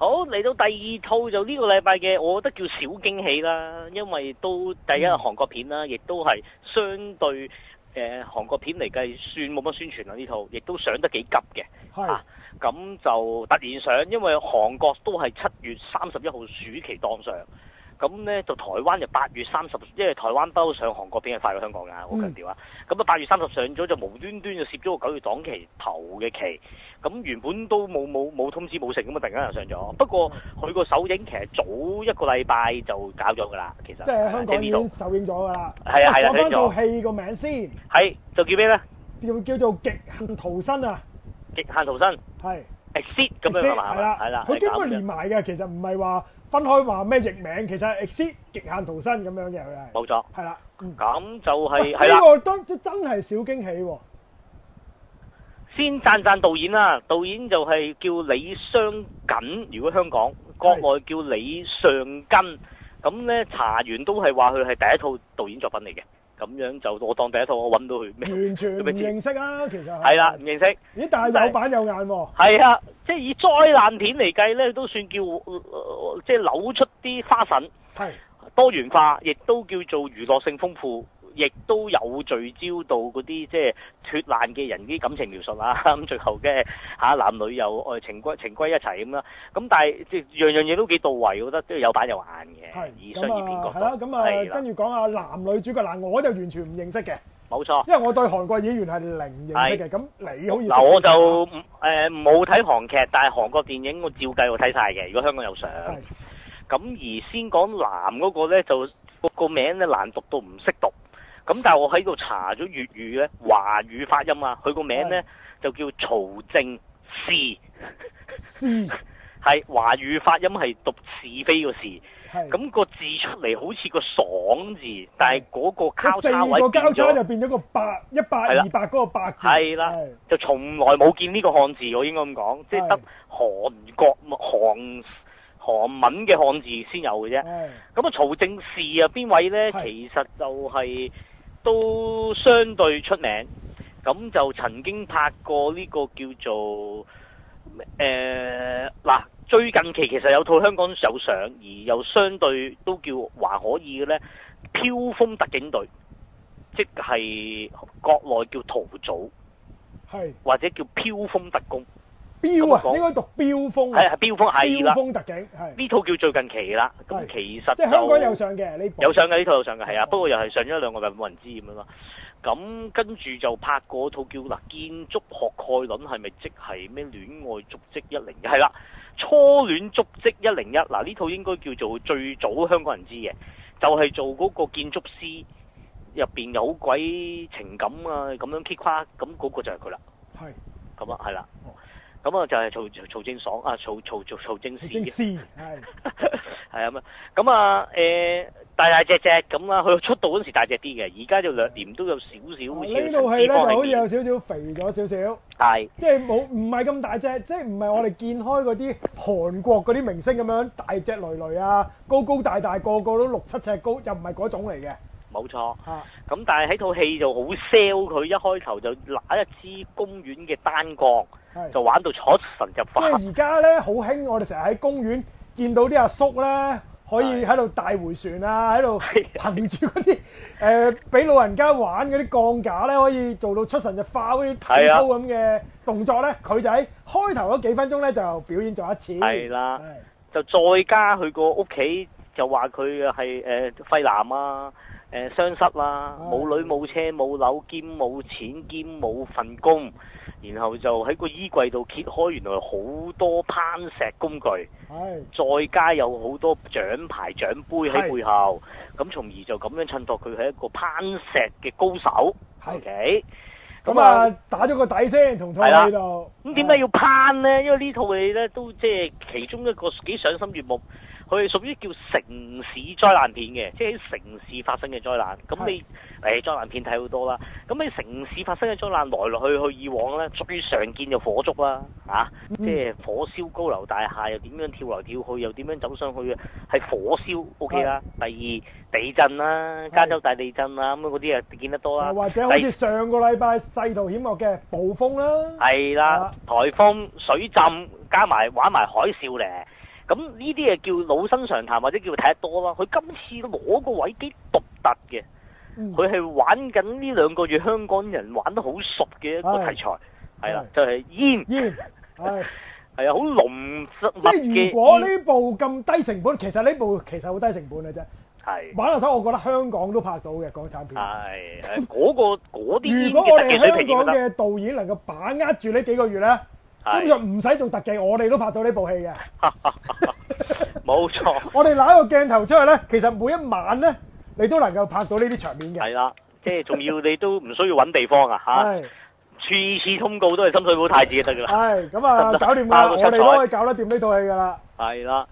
好嚟到第二套就呢個禮拜嘅，我覺得叫小驚喜啦，因為都第一個韓國片啦，亦都係相對誒、呃、韓國片嚟計算冇乜宣傳啦呢套，亦都上得幾急嘅嚇，咁是、啊、就突然上，因為韓國都係七月三十一號暑期檔上。咁咧就台灣就八月三十，因為台灣都上韓國片係快過香港㗎，好強調啊！咁啊八月三十上咗就無端端就攝咗個九月檔期頭嘅期，咁原本都冇冇冇通知冇成咁啊，突然間又上咗。不過佢個首映其實早一個禮拜就搞咗㗎啦，其實即係香港呢度首映咗㗎啦。係啊係啊，講翻套戲個名先。係就叫咩咧？叫叫做《極限逃生》啊！極限逃生係 Exit 咁樣嘅話係啦，係啦，佢搞本連埋㗎，其實唔係話。分開話咩譯名，其實係《Exit 極限逃生》咁樣嘅佢係冇錯，係啦的，咁、嗯、就係呢個都，都真真係小驚喜喎、啊。先讚讚導演啦，導演就係叫李雙瑾，如果香港國內叫李尚根，咁咧的查完都係話佢係第一套導演作品嚟嘅。咁樣就我當第一套，我揾到佢咩？完全唔認識啊，其實係啦，唔認識。咦？但係有板有眼喎。係啊，即係以災難片嚟計咧，都算叫、呃、即係扭出啲花粉，係多元化，亦都叫做娛樂性豐富。亦都有聚焦到嗰啲即係脫難嘅人啲感情描述啦。咁最後嘅嚇、啊、男女又愛、呃、情歸情歸一齊咁啦。咁但係即係樣樣嘢都幾到位，我覺得即係有板有眼嘅。係咁是角。係啦，咁啊，啊啊嗯、啊跟住講下男女主角。嗱，我就完全唔認識嘅。冇錯，因為我對韓國演員係零認識嘅。咁是你好意思嗱，我就誒冇睇韓劇，但係韓國電影我照計我睇晒嘅。如果香港有上，咁而先講男嗰個咧，就個名咧難讀到唔識讀。咁但係我喺度查咗粵語咧，華語發音啊，佢個名咧是就叫曹正奭，係 是華語發音係讀是非個是」，咁個字出嚟好似個爽字，是但係嗰個交叉位變咗，交叉就變咗個百」100,。「一百係啦，二百嗰個百係啦，就從來冇見呢個漢字，我應該咁講，即係得韓國韓韓文嘅漢字先有嘅啫。咁是是啊，曹正奭啊，邊位咧？其實就係是。都相對出名，咁就曾經拍過呢個叫做誒嗱、呃，最近期其實有套香港有上，而又相對都叫還可以嘅咧，《飄風特警隊》，即係國內叫逃組，係是或者叫飄風特工。標啊，應該讀標風，係係標風，係啦，標風特警係。呢套叫最近期噶啦，咁其實即係香港有上嘅，有上嘅呢套有上嘅，係啊，不過又係上咗一兩個日冇人知咁樣咯。咁跟住就拍過套叫嗱，建築學概論係咪即係咩戀愛足跡一零一？係啦，初戀足跡一零一嗱呢套應該叫做最早香港人知嘅，就係做嗰個建築師入邊有好鬼情感啊咁樣 K 誇，咁嗰個就係佢啦，係咁啊，係啦。咁啊，就係曹曹正爽啊，曹，曹曹曹正史曹正，係，係啊嘛。咁啊，誒、欸，大大隻隻咁啊，佢出道嗰時大隻啲嘅，而家就兩年都有少少、啊、呢套戲咧就好似有少少肥咗少少，係是，即係冇唔係咁大隻，即係唔係我哋見開嗰啲韓國嗰啲明星咁樣大隻累累啊，高高大大，大個個都六七尺高，就唔係嗰種嚟嘅。冇錯，啊，咁但係喺套戲就好 sell 佢，一開頭就拿一支公園嘅單槓。就玩到出神入化。即係而家咧好興，我哋成日喺公園見到啲阿叔咧，可以喺度大回旋啊，喺度憑住嗰啲誒，俾老人家玩嗰啲鋼架咧，可以做到出神入化嗰啲體操咁嘅動作咧。佢就喺開頭嗰幾分鐘咧就表演咗一次。係啦，就再加佢個屋企，就話佢係誒廢男啊。誒，雙失啦，冇女冇車冇樓兼冇錢兼冇份工，然後就喺個衣櫃度揭開，原來好多攀石工具，係，再加有好多獎牌獎杯喺背後，咁從而就咁樣襯托佢係一個攀石嘅高手，係，咁啊打咗個底先，同睇呢套，咁點解要攀呢？因為呢套戲咧都即係其中一個幾賞心悅目。佢係屬於叫城市災難片嘅，即係喺城市發生嘅災難。咁你誒災難片睇好多啦。咁喺城市發生嘅災難來來去去，以往咧最常見就火燭啦，啊，即係火燒高樓大廈，又點樣跳來跳去，又點樣走上去啊？係火燒 OK 啦。是第二地震啦，加州大地震啦，咁嗰啲啊見得多啦。或者好似上個禮拜世道險惡嘅暴風啦，係啦，颱風、水浸加埋玩埋海嘯咧。咁呢啲嘢叫老生常談或者叫睇得多啦。佢今次攞個位幾獨特嘅，佢係玩緊呢兩個月香港人玩得好熟嘅一個題材，係啦，就係煙。煙係係啊，好濃密嘅。即係如果呢部咁低成本，其實呢部其實好低成本嘅啫。係。玩下手，我覺得香港都拍到嘅港產片。係係嗰個嗰啲。如果我哋香港嘅導演能夠把握住呢幾個月咧？根本唔使做特技，我哋都拍到呢部戲嘅。冇 錯 錯， 我哋攞個鏡頭出去咧，其實每一晚咧，你都能夠拍到呢啲場面嘅。係 啦，即係仲要，你都唔需要揾地方啊，吓 的。次次通告都係深水埗太子得噶啦。係， 咁啊 搞掂噶啦， 我哋都可以搞得掂呢套戲噶啦。係啦。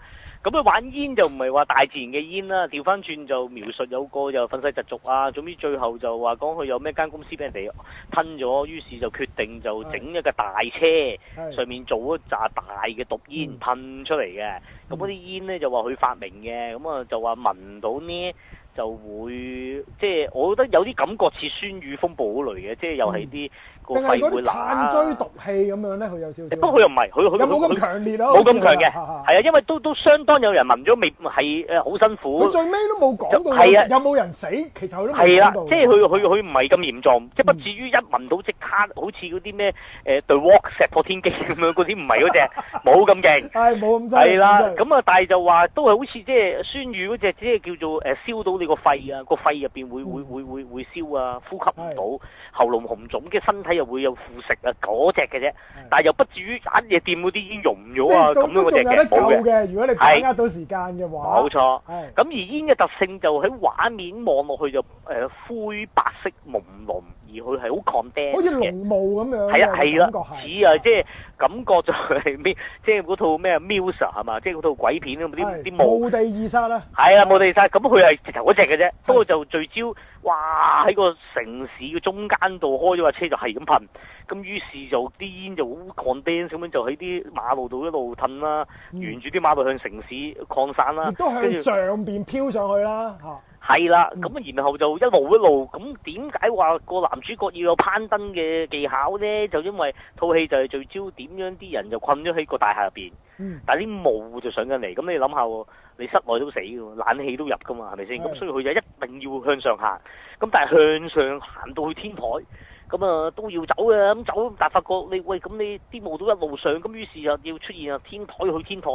咁佢玩煙就唔係話大自然嘅煙啦，調翻轉就描述有個就憤世嫉俗啊，總之最後就話講佢有咩間公司俾人哋吞咗，於是就決定就整一架大車上面做一紮大嘅毒煙噴出嚟嘅，咁嗰啲煙咧就話佢發明嘅。咁啊就話聞到呢～就會即係我覺得有啲感覺似酸雨風暴嗰類嘅，即係又係啲個肺氣會爛追毒氣咁樣咧，佢有少少。不過佢又唔係，佢佢佢佢冇咁強烈咯。冇咁強嘅，係啊，因為都都相當有人聞咗味，係誒好辛苦。佢最尾都冇講到係啊，有冇人死？其實佢都冇講到。係啦，即係佢佢佢唔係咁嚴重，即係不至於一聞到即刻好似嗰啲咩對 walk 石破天機咁樣嗰啲，唔係嗰隻，冇咁勁。係冇咁犀利。係啦，咁啊，但係就話都係好似即係酸雨嗰隻，即係叫做誒燒到你。個肺啊，個肺入邊會、嗯、會會會會燒啊，呼吸唔到，是喉嚨紅腫，即身體又會有腐蝕啊，嗰隻嘅啫，是但係又不至於盞嘢掂嗰啲已經溶咗啊，咁是樣嗰隻嘅冇嘅。的如果你把握到時間嘅話，冇錯。咁是而煙嘅特性就喺畫面望落去就誒、呃、灰白色朦朧。佢係好擴散，好似濃霧咁樣，係啊，感覺係似啊，即係感覺就係、是、咩？即係嗰套咩 Mist 啊，係嘛？即係嗰套鬼片咁啲啲霧，冇第二沙啦，係啊，冇第二沙。咁佢係直頭嗰隻嘅啫。不過、啊、就聚焦，哇！喺個城市嘅中間度開咗架車就係咁噴，咁於是就啲煙就好擴散，咁樣就喺啲馬路度一路褪啦，沿住啲馬路向城市擴散啦，亦、嗯、後都向上邊飄上去啦，嚇、啊。係啦，咁啊，然後就一路一路，咁點解話個男主角要有攀登嘅技巧呢？就因為套戲就係聚焦點樣啲人就困咗喺個大廈入邊，但係啲霧就上緊嚟。咁你諗下，你室內都死噶，冷氣都入噶嘛，係咪先？咁所以佢就一定要向上行。咁但係向上行到去天台，咁啊都要走啊。咁走，但係發覺你喂，咁你啲霧都一路上，咁於是就要出現啊天台去天台。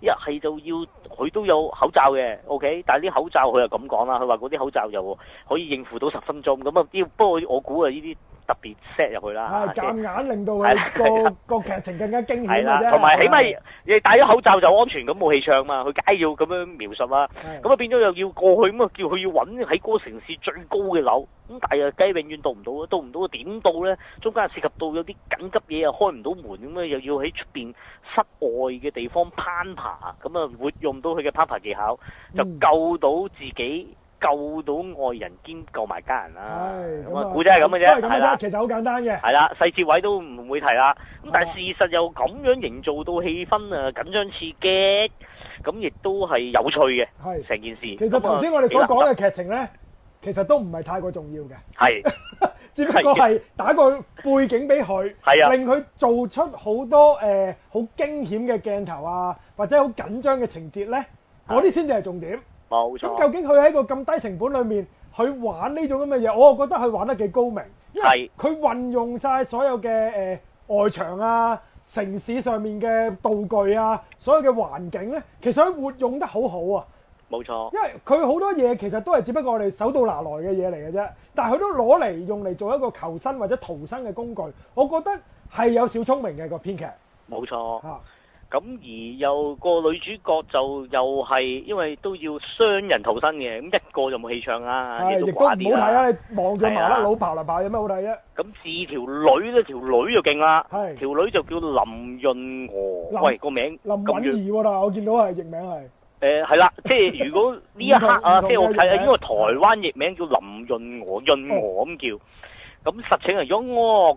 一係就要佢都有口罩嘅，OK，但係啲口罩佢又咁講啦，佢話嗰啲口罩就可以應付到十分鐘咁啊！不不過我估啊，呢啲特別 set 入去啦。啊，夾硬令到佢個個劇情更加驚險啦。同埋的起碼你的的戴咗口罩就安全，咁冇氣槍嘛，佢梗係要咁樣描述啦。咁啊的變咗又要過去咁啊，叫佢要揾喺個城市最高嘅樓，咁但係又梗係永遠到唔到啊，到唔到啊點到咧？中間涉及到有啲緊急嘢啊開唔到門咁啊，又要喺出邊室外嘅地方攀咁啊，會用到佢嘅攀爬技巧，就救到自己，救到愛人兼救埋家人啦。咁啊，古仔係咁嘅啫，係啦，其實好簡單嘅。係啦，細節位都唔會提啦。咁但係事實又咁樣營造到氣氛啊，緊張刺激，咁亦都係有趣嘅。係成件事。其實頭先我哋所講嘅劇情咧，其實都唔係太過重要嘅。係。只不過係打個背景俾佢， 啊、令佢做出好多誒好、呃、驚險嘅鏡頭啊，或者好緊張嘅情節咧，嗰啲先至係重點。咁冇錯。究竟佢喺一個咁低成本裡面，去玩呢種咁嘅嘢，我，我覺得佢玩得幾高明，因為佢運用晒所有嘅誒、呃、外牆啊、城市上面嘅道具啊、所有嘅環境咧，其實佢活用得好好啊。冇錯，因為佢好多嘢其實都係只不過我哋手到拿來嘅嘢嚟嘅啫，但係佢都攞嚟用嚟做一個求生或者逃生嘅工具，我覺得係有少少聰明嘅個編劇。冇錯，嚇，咁而又個女主角就又係因為都要雙人逃生嘅，咁一個就冇戲唱啊，亦都寡啲。唔好睇啊，你望住麻甩佬爬嚟爬有咩好睇啫？咁是條女咧，條女就勁啦，係條女就叫林潤娥，喂個名林允兒喎，但係我見到係譯名係。誒，係啦 同，即係 如果呢一刻同啊，即係我睇下，呢個岡台灣譯名的叫林潤娥，潤娥咁叫，咁、哦、實情係咁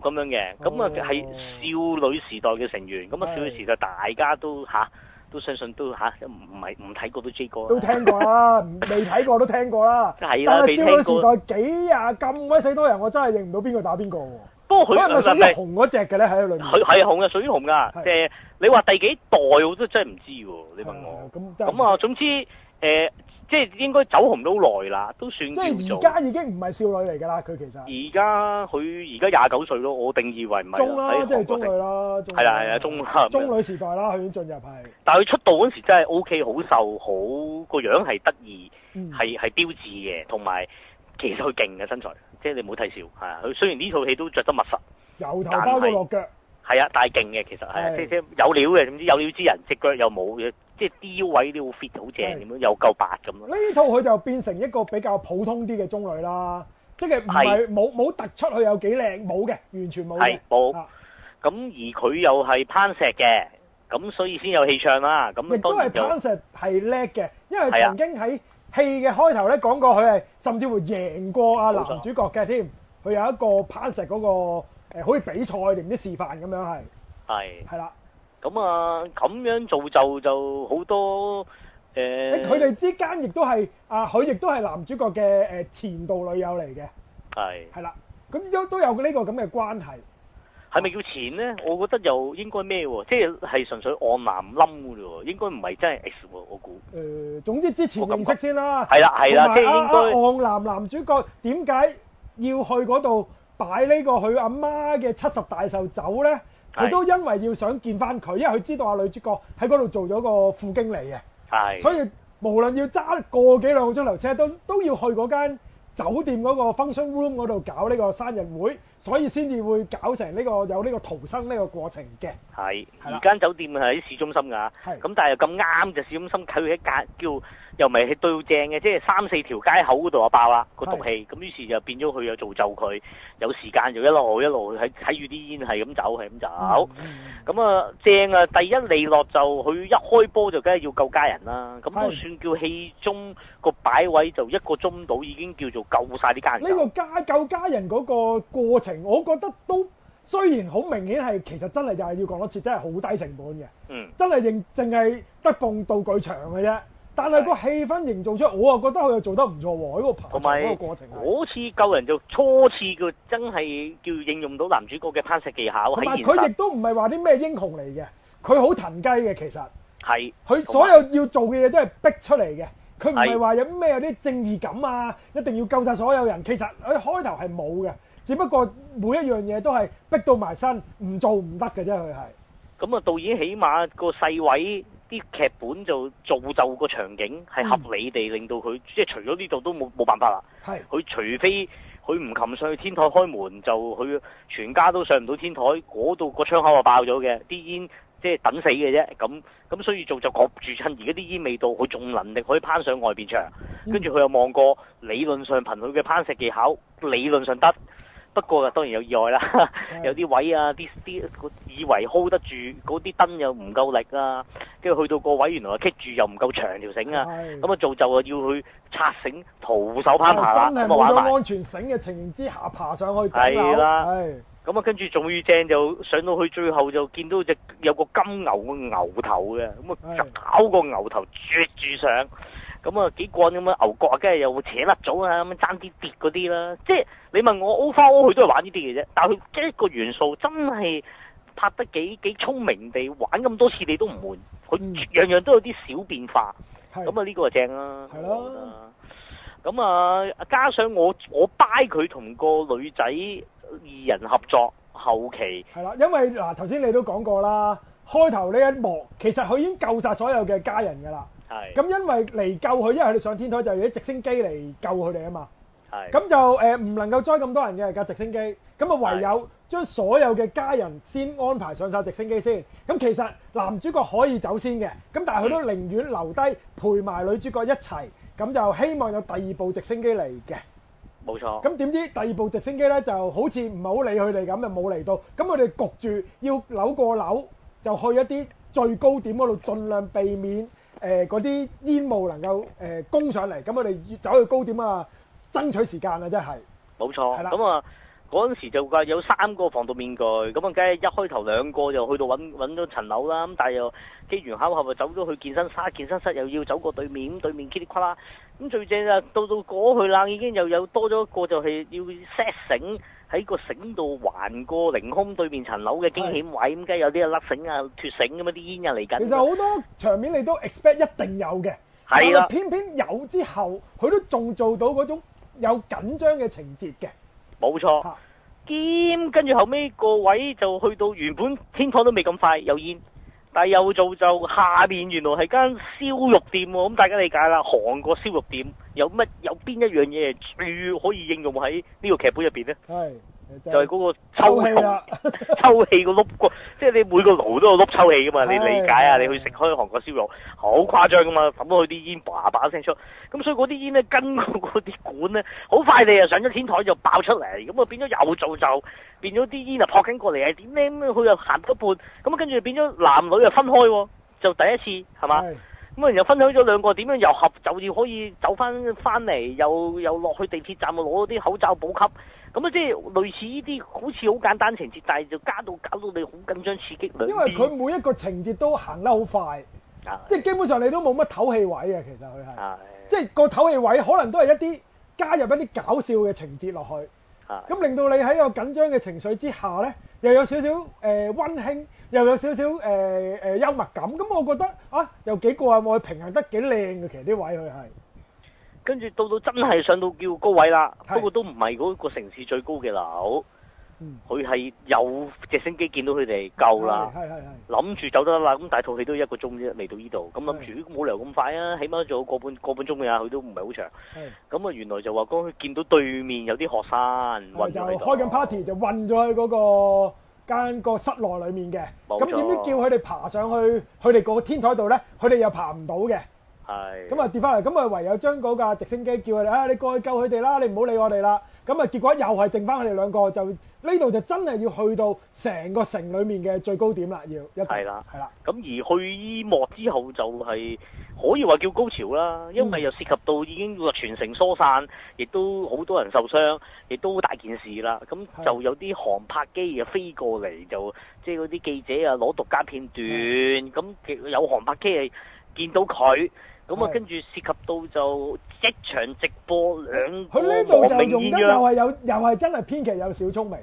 咁樣嘅，咁啊係少女時代嘅成員，咁啊、哦、少女時代大家都吓、啊，都相信都吓，唔唔係唔睇過都 J 哥。都聽過啦，未睇過都聽過啦， 但係少女時代幾啊咁鬼死多人，我真係認唔到邊個打邊個。不過佢，係咪屬於紅嗰隻嘅咧？喺裏面，佢係紅嘅，屬於紅噶。即係的你話第幾代，我都真係唔知。你問我，咁啊，總之誒、呃，即係應該走紅都好耐啦，都算。即係而家已經唔係少女嚟噶啦，佢其實。而家佢而家廿九歲咯，我定義為唔係。中啦，即係韓中女啦。係啦係啦，中中女時代啦，佢已經進入係。但係佢出道嗰時真係 OK，好瘦，好個樣係得意，係係、嗯、標誌嘅，同埋其實佢勁嘅身材。即係你唔好睇小，係啊，佢雖然呢套戲都著得密實，由頭包到落腳，係啊，但係勁嘅其實係，即係有料嘅，總之有料之人，隻腳又冇嘅，即係 D 位都好 fit 好正咁樣，又夠白咁咯。呢套佢就變成一個比較普通啲嘅中女啦，即係唔係冇冇突出去有幾靚，冇嘅，完全冇嘅。冇。咁而佢又係攀石嘅，咁所以先有氣場啦。咁亦都係攀石係叻嘅，因為曾經喺。戲嘅開頭咧講過佢係甚至會贏過阿男主角嘅添，佢有一個攀石嗰個誒，好似比賽定唔知示範咁樣係，係，係啦。咁啊，咁樣做就就好多誒。誒，佢哋之間亦都係阿佢亦都係男主角嘅誒前度女友嚟嘅，係，係啦，咁都都有呢個咁嘅關係。係咪叫錢咧？我覺得又應該咩喎？即係係純粹按藍冧嘅嘞喎，應該唔係真係 X 喎，我估。誒，總之之前認識先啦。係啦係啦，即係應該。按藍、啊、男，男主角點解要去嗰度擺呢個佢阿媽嘅七十大壽酒咧？佢是的 都因為要想見翻佢，因為佢知道阿女主角喺嗰度做咗個副經理嘅。係。是的 所以無論要揸個幾兩個鐘頭車，都都要去嗰間。酒店嗰個 function room 嗰度搞呢個生日會，所以先至會搞成呢個有呢個逃生呢個過程嘅。係，而間酒店係喺市中心噶，係咁是但係咁啱就市中心揀起一間叫。又咪係對正嘅，即係三四條街口嗰度就爆啦個毒氣，咁是的 於是就變咗佢又造就佢，有時間就一路一路喺睇住啲煙係咁走係咁走，咁啊、嗯、正啊，第一嚟落就佢一開波就梗係要救家人啦，咁算叫戲中個擺位就一個鐘到已經叫做救晒啲家人。呢個救救家人嗰個過程，我覺得都雖然好明顯係其實真係就係、是、要講多次，真係好低成本嘅，嗯、真係淨淨係得放道具場嘅啫。但係個氣氛營造出，我又覺得佢又做得唔錯喎，喺個爬塔嗰個過程，好似救人就初次叫真係叫應用到男主角嘅攀石技巧。同埋佢亦都唔係話啲咩英雄嚟嘅，佢好騰雞嘅其實。係。佢所有要做嘅嘢都係逼出嚟嘅，佢唔係話有咩有啲正義感啊，一定要救晒所有人。其實佢開頭係冇嘅，只不過每一樣嘢都係逼到埋身，唔做唔得嘅啫。佢係。咁啊，導演起碼個細位。啲劇本就造就個場景係合理地令到佢，即係除咗呢度都冇冇辦法啦。係佢是除非佢唔擒上去天台開門，就佢全家都上唔到天台。嗰度個窗口啊爆咗嘅，啲煙即係等死嘅啫。咁咁所以造就焗住趁而家啲煙味道，佢仲能力可以攀上外邊牆，跟住佢又望過，理論上憑佢嘅攀石技巧，理論上得。不過啊，當然有意外啦，的有啲位啊，啲啲以為 hold 得住，嗰啲燈又唔夠力啊，跟住去到個位，原來棘住又唔夠長條繩啊，咁啊的做就啊要去拆繩，徒手攀爬啦，咁啊玩埋真係冇安全繩嘅情形之下爬上去，係啦，咁啊跟住仲要正就上到去最後就見到只有個金牛個牛頭嘅，咁啊就搞個牛頭啜住上。咁啊，幾過咁啊？牛角啊，梗係又會扯甩咗啊。咁爭啲跌嗰啲啦。即係你問我，O 翻 O，佢都係玩呢啲嘅啫。但係佢一個元素真係拍得幾幾聰明地玩咁多次，你都唔悶。佢樣樣都有啲小變化。係、嗯。咁啊，呢個啊正啦。係咯。咁啊的，加上我我 by 佢同個女仔二人合作後期。係啦，因為嗱頭先你都講過啦，開頭呢一幕其實佢已經救晒所有嘅家人㗎啦。係咁，因為嚟救佢，因為佢哋上天台就係啲直升機嚟救佢哋啊嘛。係咁就誒，唔能夠載咁多人嘅架直升機，咁啊唯有將所有嘅家人先安排上晒直升機先。咁其實男主角可以走先嘅，咁但係佢都寧願留低陪埋女主角一齊，咁就希望有第二部直升機嚟嘅。冇錯。咁點知第二部直升機咧就好似唔係好理佢哋咁，就冇嚟到。咁佢哋焗住要樓過樓，就去一啲最高點嗰度，盡量避免。誒，嗰啲煙霧能夠誒攻上嚟，咁我哋要走去高點啊，爭取時間啊，真係冇錯。係啦，咁啊嗰陣時就話有三個防毒面具，咁啊，梗係一開頭兩個就去到揾揾咗層樓啦，咁但係又機緣巧合咪走咗去健身室，健身室又要走過對面，咁對面噼里跨啦，咁最正啊，到到嗰去啦，已經又有多咗一個就係要 set 繩。喺個繩度橫過凌空對面層樓嘅驚險位，咁梗係有啲啊甩繩啊脫繩咁啊，啲煙又嚟緊。其實好多場面你都 expect 一定有嘅，係啦偏偏有之後，佢都仲做到嗰種有緊張嘅情節嘅。冇錯。兼跟住後尾個位就去到原本天台都未咁快有煙。但又做就下面，原來係間燒肉店喎。哦，咁大家理解啦。韓國燒肉店有乜有邊一樣嘢最可以應用喺呢個劇本入邊呢？係。就係嗰個抽氣，抽 氣個碌，個，即係你每個爐都有碌抽氣噶嘛，你理解啊？你去食開韓國燒肉，好誇張噶嘛，咁佢啲煙叭叭聲出，咁所以嗰啲煙咧跟嗰嗰啲管咧，好快你又上咗天台就爆出嚟，咁啊變咗又做就變咗啲煙啊撲緊過嚟啊，點咧佢又行咗半，咁跟住變咗男女又分開喎，就第一次係嘛？咁啊又分享咗兩個點樣又合就要可以走翻翻嚟，又又落去地鐵站攞啲口罩補給。咁啊，即係類似呢啲，好似好簡單情節，但係就加到搞到你好緊張刺激啦，因為佢每一個情節都行得好快，啊、即係基本上你都冇乜唞氣位嘅，其實佢係，啊、即係個唞氣位可能都係一啲加入一啲搞笑嘅情節落去，咁、啊、令到你喺個緊張嘅情緒之下呢，又有少少誒溫馨，又有少少誒誒幽默感，咁我覺得啊，又幾個呀我平衡得幾靚嘅，其實啲位佢係。跟住到到真係上到叫高位啦，是不過都唔係嗰個城市最高嘅樓，佢係、嗯、有直升機見到佢哋夠啦，諗住走得啦，咁大套戲都一個鐘啫，嚟到呢度，咁諗住冇理由咁快啊，起碼仲有個半個半鐘㗎、啊，佢都唔係好長。咁啊是原來就話佢見到對面有啲學生，就開緊 party 就混咗去嗰個間、個室內裡面嘅。咁點知叫佢哋爬上去，佢哋個天台度咧，佢哋又，又爬唔到嘅。係。咁啊，跌翻嚟，咁啊，唯有將嗰架直升機叫佢哋啊，你過去救佢哋啦，你唔好理我哋啦。咁啊，結果又係剩翻佢哋兩個，就呢度就真係要去到成個城裡面嘅最高點啦，要一。係啦的，係啦。咁而去依幕之後就係、是、可以話叫高潮啦，因為又涉及到已經全城疏散，亦、嗯、都好多人受傷，亦都好大件事啦。咁就有啲航拍機啊飛過嚟，就即係嗰啲記者啊攞獨家片段，咁的有航拍機係見到佢。咁啊，跟住涉及到就一場直播兩，佢呢度就用得又係有，又係真係編劇有小聰明，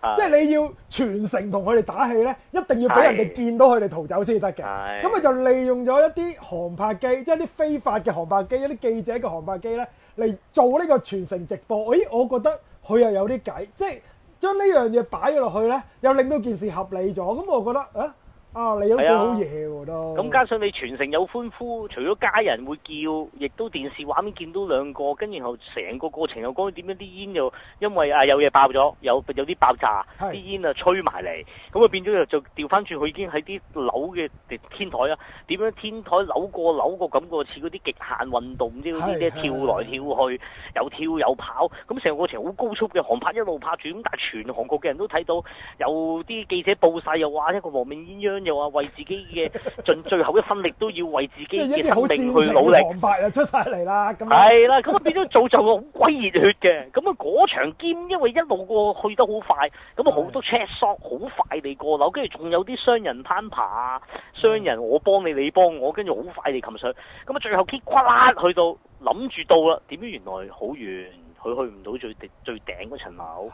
是的 即係你要全城同佢哋打氣咧，一定要俾人哋見到佢哋逃走先得嘅。咁啊，就利用咗一啲航拍機，即係啲非法嘅航拍機，一啲記者嘅航拍機咧，嚟做呢個全城直播。誒，我覺得佢又有啲計，即係將呢樣嘢擺咗落去咧，又令到件事合理咗。咁我覺得啊～啊！你有好嘢喎都咁，加上你全城有歡呼，除咗家人會叫，亦都電視畫面見到兩個，跟然後成個過程又講點樣啲煙又因為啊有嘢爆咗，有有啲爆炸，啲煙啊吹埋嚟，咁啊變咗就調翻轉去已經喺啲樓嘅天台啊，點樣天台扭過扭過咁個似嗰啲極限運動，咁啲跳來跳去，又跳又跑，咁成個過程好高速嘅航拍一路拍住，咁但係全韓國嘅人都睇到，有啲記者報晒，又話一個亡命鴛鴦。又話 為自己嘅盡最後一分力，都要為自己嘅生命去努力。即係一出晒嚟啦。係啦，咁啊變咗造就個好鬼熱血嘅。咁啊嗰場兼，因為一路過去得好快，咁啊好多車索好快地過樓，跟住仲有啲雙人攀爬，雙人我幫你，你幫我，跟住好快地擒上。咁啊最後結骨喇去到諗住到啦，點知原來好遠，佢去唔到最，最頂最頂嗰層樓。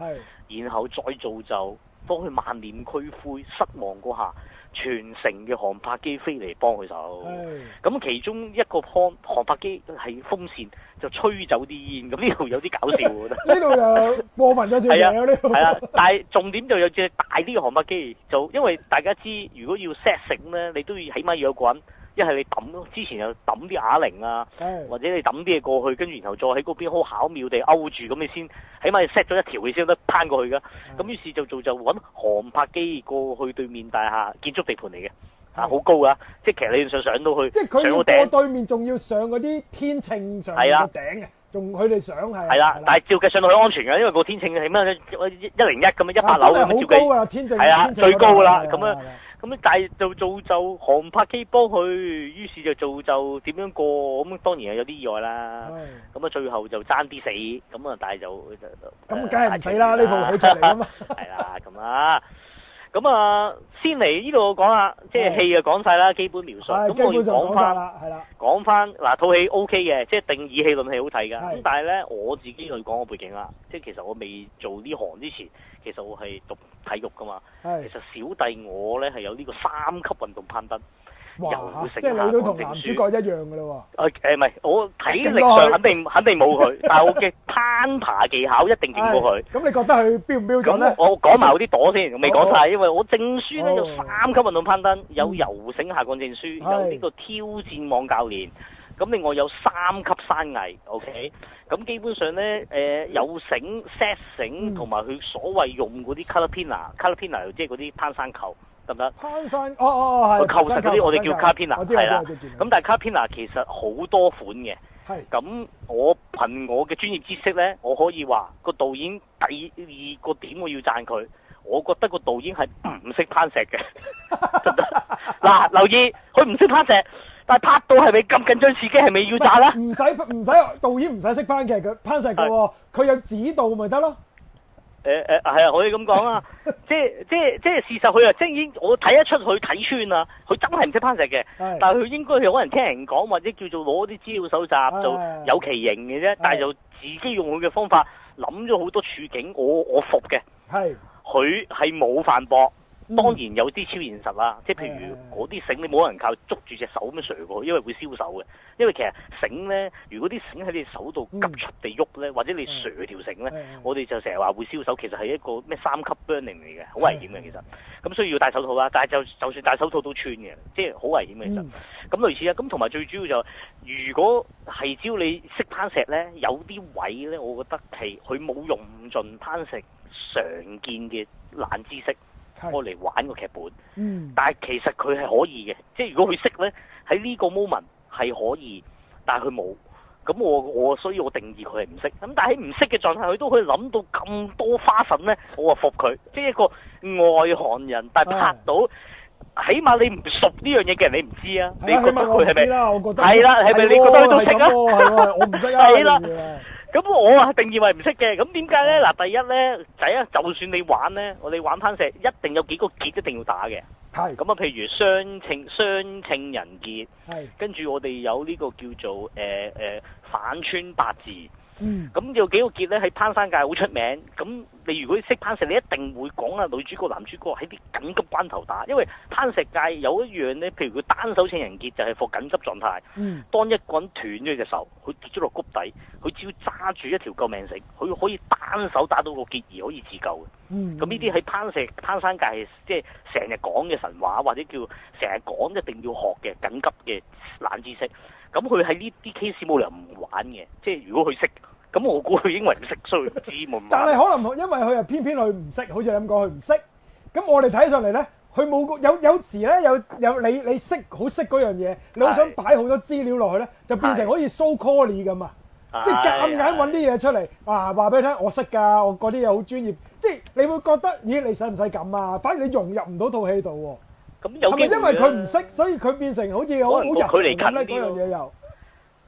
是然後再造就當佢萬念俱灰失望嗰下。全城嘅航拍機飛嚟幫佢手，咁唉其中一個航航拍機係風扇就吹走啲煙，咁呢度有啲搞笑。呢度就過分咗少少。係 啊，呢裡啊， 但係重點就有隻大啲嘅航拍機，就因為大家知，如果要 set 醒咧，你都要起碼要有個人。一係你揼之前又揼啲啞鈴啊，或者你揼啲嘢過去，跟住然後再喺嗰邊好巧妙地勾住，咁你先起碼 set 咗一條你先得，攀過去噶。咁於是就做就揾航拍機過去對面大廈建築地盤嚟嘅，嚇好高噶，即係其實你要上上到去，上到頂，對面仲要上嗰啲天秤上嘅頂仲佢哋上係。係啦，但係照計上到去安全嘅，因為個天秤，起碼一零一咁樣一百樓咁樣照計。係啊，最高㗎啦，咁樣。咁咧，但係就造就航拍機幫佢，於是就造就點樣過咁，當然係有啲意外啦。咁啊的，最後就爭啲死，咁啊，嗯、但係就咁，梗係唔死啦，呢部好出嚟啊係啦，咁啊。咁啊，先嚟呢度講下，即係戲就講晒啦，基本描述。咁我要講翻，係啦，講翻嗱套戲 OK 嘅，即係定義戲論戲好睇噶咁的但係咧，我自己去講個背景啦，即係其實我未做呢行之前，其實我係讀體育噶嘛。的其實小弟我咧係有呢個三級運動攀登。游繩即係你都同男主角一樣㗎啦喎？誒唔係我體力上肯定肯定冇佢，但係我嘅攀爬技巧一定勁過佢。咁 哎嗯呃、你覺得佢標唔標準咧？我講埋嗰啲朵先，未講晒，因為我證書咧有三級運動攀登，有遊繩下降證書，嗯嗯、有呢個挑戰網教練，咁另外有三級山藝。OK，咁基本上咧，誒、呃、有繩 set 繩同埋佢所謂用嗰啲 carabiner carabiner 即係嗰啲攀山扣。攀山哦哦哦，係，佢扣實嗰啲我哋叫卡片啊，係啦。咁但係卡片啊其實好多款嘅，咁我憑我嘅專業知識咧，我可以話個導演第二個點我要讚佢，我覺得個導演係唔識攀石嘅，得得？嗱，留意佢唔識攀石，但係拍到係咪咁緊張刺激？係咪要炸啦？唔使唔使導演唔使識攀嘅，佢攀石嘅，佢有指導咪得咯。誒誒，係、欸欸、啊，可以咁講啊，即係即係即係事實，佢啊，即係已經我睇得出佢睇穿啦，佢真係唔識攀石嘅，是但係佢應該佢可能聽人講，或者叫做攞啲資料搜集，是就有其形嘅啫，但係就自己用佢嘅方法諗咗好多處境，我我服嘅，係是，佢係冇犯駁。嗯、當然有啲超現實啦、啊，即係譬如嗰啲繩，你冇可能靠捉住隻手咁樣垂過，因為會燒手嘅。因為其實繩咧，如果啲繩喺你手度急出急速地喐咧，或者你垂條繩咧，嗯嗯、我哋就成日話會燒手，其實係一個咩三級 burning 嚟嘅，好危險嘅。其實咁所以要戴手套啦、啊。但係就就算戴手套都穿嘅，即係好危險嘅。其實咁、嗯、類似啊。咁同埋最主要就係、如果係只要你識攀石咧，有啲位咧，我覺得係佢冇用盡攀石常見嘅冷知識。我嚟玩個劇本，但係其實佢係可以嘅，即係如果佢識咧，喺呢個 moment 係可以，但係佢冇，咁我我所以我定義佢係唔識。咁但係喺唔識嘅狀態，佢都可以諗到咁多花粉咧，我話服佢，即係一個外行人，但係拍到，起碼你唔熟呢樣嘢嘅人，你唔知啊。係啊，我知啦，我覺得係啦，係咪你覺得佢都識啊？我唔係啦。咁我啊定義為唔識嘅，咁點解咧？嗱，第一咧，仔啊，就算你玩咧，我哋玩攀石，一定有幾個結一定要打嘅。係咁啊，譬如雙稱雙稱人結。係是跟住我哋有呢個叫做誒誒、呃呃、反穿八字。嗯，咁有幾個結咧，喺攀山界好出名。咁你如果識攀石，你一定會講啦、啊。女主角、男主角喺啲緊急關頭打，因為攀石界有一樣咧，譬如佢單手情人結就係、是、放緊急狀態。嗯，當一個人斷咗隻手，佢跌咗落谷底，佢只要揸住一條救命繩，佢可以單手打到個結而可以自救嘅。咁呢啲喺攀石攀山界即係成日講嘅神話，或者叫成日講一定要學嘅緊急嘅冷知識。咁佢喺呢啲 case 冇理由唔玩嘅，即係如果佢識，咁我估佢應該唔識，所以唔知。 但係可能因為佢又偏偏佢唔識，好似你咁講佢唔識。咁我哋睇上嚟咧，佢冇有有，有時咧有有你你識好識嗰樣嘢，你好想擺好多資料落去咧，就變成好似 show callie 咁 啊，即係夾硬揾啲嘢出嚟啊話俾你聽，我識㗎，我嗰啲嘢好專業，即係你會覺得咦你使唔使咁啊？反而你融入唔到套戲度。咁有是是因為佢唔識，所以佢變成好似可能佢離近咧啲樣嘢又。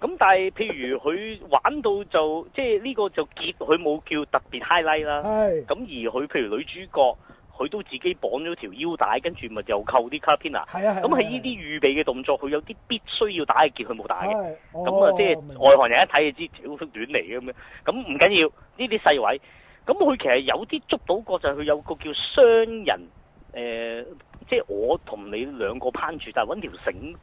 咁 但係，譬如佢玩到就即係呢個就結，佢冇叫特別 highlight 啦。係是。咁而佢譬如女主角，佢都自己綁咗條腰帶，跟住咪又扣啲卡片 r d 啊，咁係呢啲預備嘅動作，佢有啲必須要打嘅結，佢冇打嘅。咁啊，哦、即係外行人一睇就知屌 s 短嚟嘅咁樣。咁唔緊要，呢啲細位。咁佢其實有啲捉到個就係佢有個叫雙人誒。呃即係我同你兩個攀住，但係搵條繩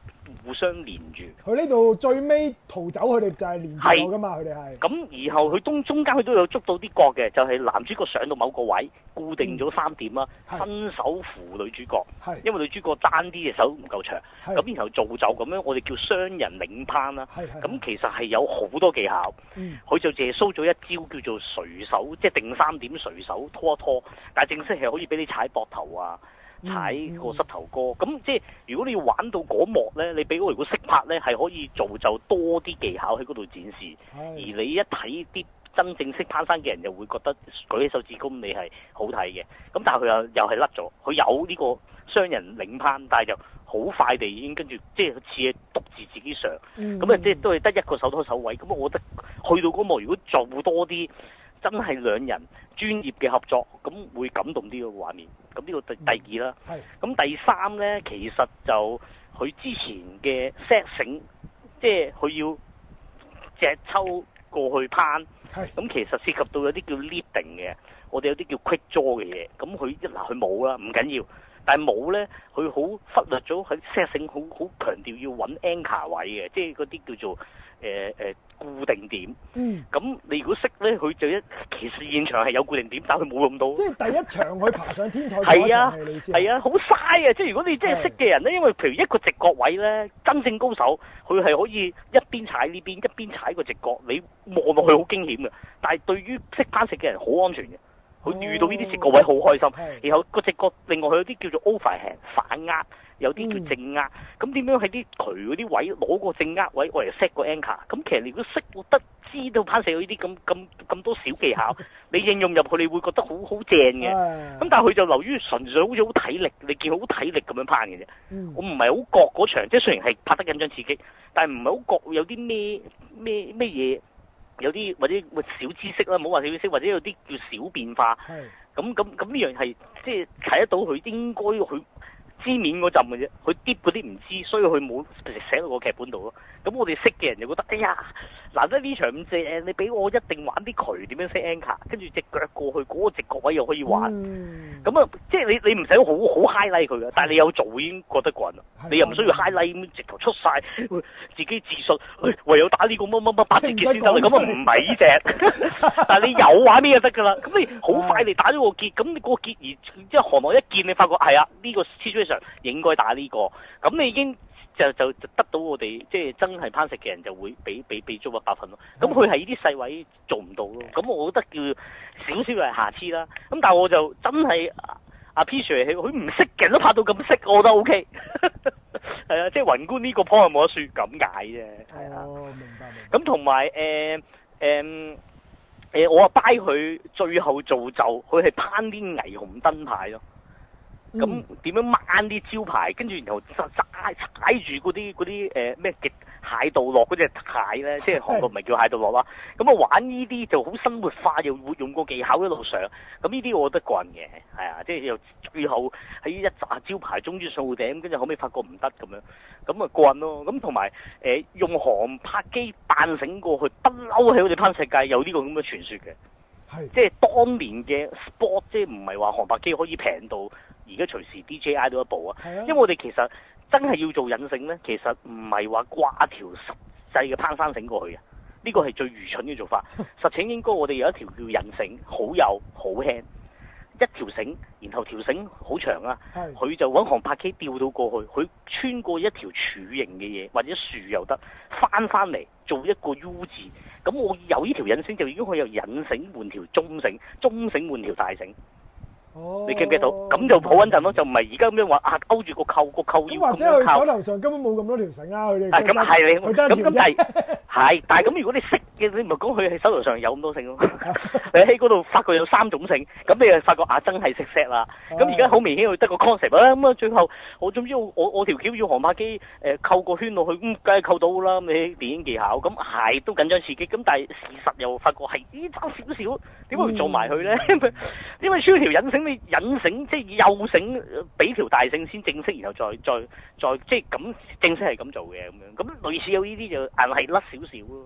互相連住。佢呢度最尾逃走，佢哋就係連住噶嘛，佢哋係。咁然後佢中中間佢都有捉到啲角嘅，就係、是、男主角上到某個位，固定咗三點啦、啊，分、嗯、手扶女主角，嗯、因為女主角單啲隻手唔夠長，咁、嗯、然後造就咁樣，我哋叫雙人領攀啦、啊。咁、嗯、其實係有好多技巧，佢、嗯、就借蘇咗一招叫做垂手，即係定三點垂手拖一拖，但係正式係可以俾你踩膊頭啊。踩個膝頭哥，咁、嗯、即係如果你要玩到嗰幕呢，你俾我如果識拍呢，係可以造就多啲技巧喺嗰度展示。嗯、而你一睇啲真正識攀山嘅人，就會覺得舉起手指公你係好睇嘅。咁但係佢又又係甩咗，佢有呢個雙人領攀，但係就好快地已經跟住即係似係獨自自己上。咁啊、嗯、即係都係得一個手拖手位。咁我覺得去到嗰幕如果做多啲。真係兩人專業嘅合作，咁會感動啲個畫面。咁呢個第第二啦。係、嗯，咁第三咧，其實就佢之前嘅 setting，即係佢要只抽過去攀。係是，咁其實涉及到有啲叫 leading 嘅，我哋有啲叫 quick draw 嘅嘢。咁佢一嗱佢冇啦，唔緊要。但係冇咧，佢好忽略咗佢 setting 好好強調要揾 anchor 位嘅，即係嗰啲叫做誒誒。呃呃固定點，咁、嗯、你如果識咧，佢就一其實現場係有固定點，但係佢冇用到。即係第一場佢爬上天台嗰場係你係 啊，好嘥啊！即係如果你即係識嘅人咧，的因為譬如一個直角位咧，真正高手佢係可以一邊踩呢邊一邊踩個直角，你望落去好驚險嘅，嗯、但係對於識攀石嘅人好安全嘅。佢遇到呢啲直角位好開心，嗯、然後個直角是另外佢有啲叫做 overhead 反壓，有啲叫正壓。咁點、嗯、樣喺啲渠嗰啲位攞個正壓位嚟 set 個 anchor？咁其實你如果識得知道攀石有呢啲咁咁咁多小技巧， 你應用入去你會覺得、嗯、好好正嘅。咁但係佢就流於純粹好似好體力，你見好體力咁樣攀嘅啫。嗯、我唔係好覺嗰場，即係、嗯、雖然係拍得緊張刺激，但係唔係好覺有啲咩咩咩嘢。有啲或者個小知識啦，冇話小知識，或者有啲叫小變化。係咁咁咁呢樣係即係睇得到佢應該佢知面嗰陣嘅啫，佢啲嗰啲唔知，所以佢冇寫到個劇本度咯。咁我哋識嘅人就覺得，哎呀～嗱，難得呢場咁正，你俾我一定玩啲佢點樣 set anchor，跟住隻腳過去嗰、那個直角位又可以玩，咁啊、嗯，即係你你唔使好好 highlight 佢嘅，的但係你有做已經覺得過人的你又唔需要 highlight 直頭出晒，自己自信，的唯有打呢、這個乜乜乜八字結先得，咁啊唔係呢隻，但係你有玩咩就得㗎啦？咁你好快你打咗個結，咁的你嗰個結而即係韓王一見你發覺係啊，呢、哎這個 strategy 上應該打呢、這個，咁、這個你，這個、你已經。就就得到我哋即係真係攀石嘅人就會俾俾俾足一百分咯，咁佢係依啲細位做唔到咯，咁的我覺得叫少少係瑕疵啦，咁但係我就真係阿 P Sir 佢唔識嘅人都拍到咁識，我覺得 OK，係啊，即 係 雲觀呢個 point 係冇得説咁解啫，係啊，我、哦、明白。咁同埋誒誒誒，我話 by 佢最後造就，佢係攀啲霓虹燈牌咯。咁點、嗯嗯、樣掹啲招牌，跟住然後踩踩住嗰啲啲誒咩極蟹道樂嗰隻蟹咧，即係韓國唔係叫蟹道樂啦。咁啊、嗯、玩呢啲就好生活化，又活用個技巧一路上。咁呢啲我覺得過癮嘅，係啊，即係又最後喺一紮招牌中住數頂，跟住後尾發覺唔得咁樣，咁啊過癮咯。咁同埋誒用航拍機扮醒過去不嬲，喺我哋攀石界有呢個咁嘅傳說嘅，係、嗯嗯、即係當年嘅 sport，即係唔係話航拍機可以平到。而家隨時 DJI 都一步啊，因為我哋其實真係要做引繩呢。其實唔係話掛條實際嘅攀山繩過去啊，呢、這個係最愚蠢嘅做法。實情應該我哋有一條叫引繩，好幼好輕，一條繩，然後條繩好長啊，佢是的 就揾航拍機吊到過去，佢穿過一條柱形嘅嘢或者樹又得，翻翻嚟做一個 U 字，咁我有呢條引繩就已經可以由引繩換條中繩，中繩換條大繩。哦、你記唔記得到？咁就好穩陣咯，就唔係而家咁樣話啊勾住個扣、個扣要咁扣。或者佢手頭上根本冇咁多條繩啊，佢哋。啊，咁係你咁，但係係，但係咁如果你識嘅，你咪係講佢喺手頭上有咁多繩咯。 你喺嗰度發覺有三種繩，咁你又發覺啊真係識 set 啦。咁而家好明顯佢得個 concept 啦。咁啊最後我總之我我條橋要航拍機誒、呃、扣個圈落去，咁梗係扣到啦。你電影技巧咁係、嗯嗯、都緊張刺激。咁但係事實又發覺係啲、哎哎嗯嗯、差少少，點解唔做埋去咧？嗯因為穿條引繩，你引繩即係幼繩，俾條大繩先正式，然後再再再即係咁正式係咁做嘅咁樣。咁類似有呢啲就硬係甩少少咯。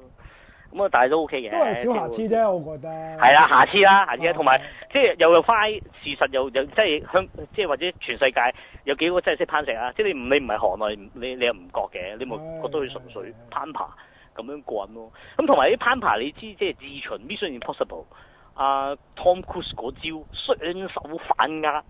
咁啊，但係都 OK 嘅。都係小瑕疵啫，是我覺得。係啦，瑕疵啦，下次啦。同埋即係又又快事實又又即係香，即係或者全世界有幾個真係識攀石啊？即係你唔你唔係行內，你你又唔覺嘅，你咪覺得佢純粹攀爬咁樣滾咯。咁同埋啲攀爬你知即係自尋，mission impossible。啊、uh，Tom Cruise 嗰招雙手反壓，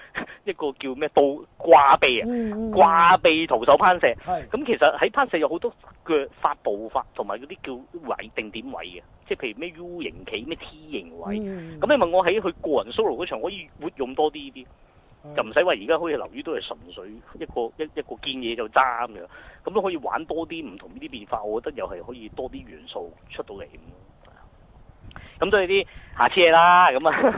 一個叫咩倒掛臂啊，掛臂徒手攀石。係是，咁其實喺攀石有好多腳發步法，同埋嗰啲叫位定點位嘅，即係譬如咩 U 型企，咩 T 型位。咁你問我喺佢個人 solo 嗰場可以活用多啲呢啲，就唔使話而家好似劉宇都係純粹一個一一個見嘢就揸咁樣，咁都可以玩多啲唔同呢啲變化，我覺得又係可以多啲元素出到嚟。咁都係啲瑕疵嘢啦，咁啊、嗯，